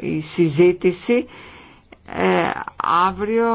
η συζήτηση ε, αύριο